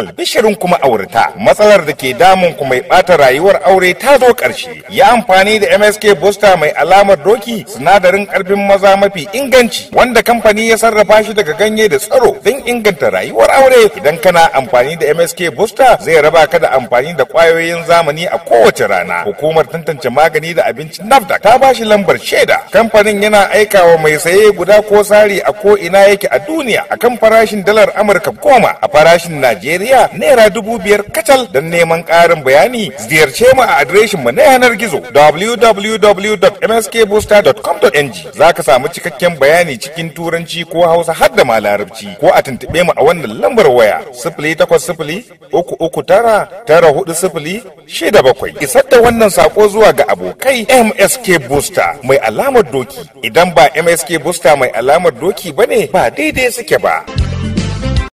albishirin kuma aurata matsalar da ke damun ku mai bata rayuwar aure ta zo ƙarshe ya amfani da msk booster mai alamar doki sinadarin karfin maza mafi inganci wanda kamfani ya sarrafa shi daga ganye da tsaro don inganta rayuwar aure idan kana amfani da msk booster zai raba ka da amfani da kwayoyin zamani a kowace rana hukumar tantance magani da abinci nafda ta ba shi lambar shaida kamfanin yana aika wa mai saye guda ko sari a ko ina yake a duniya akan farashin dalar amurka goma a farashin najeriya Najeriya naira dubu biyar kacal don neman ƙarin bayani ziyarce mu a adireshin mu na yanar gizo www.mskbooster.com.ng za ka samu cikakken bayani cikin turanci ko hausa har da ma ko a tuntube mu a wannan lambar waya sifili takwas sifili uku uku tara tara hudu sifili shida bakwai isar da wannan sako zuwa ga abokai MSK Booster mai alamar doki idan ba MSK Booster mai alamar doki bane ba daidai suke ba.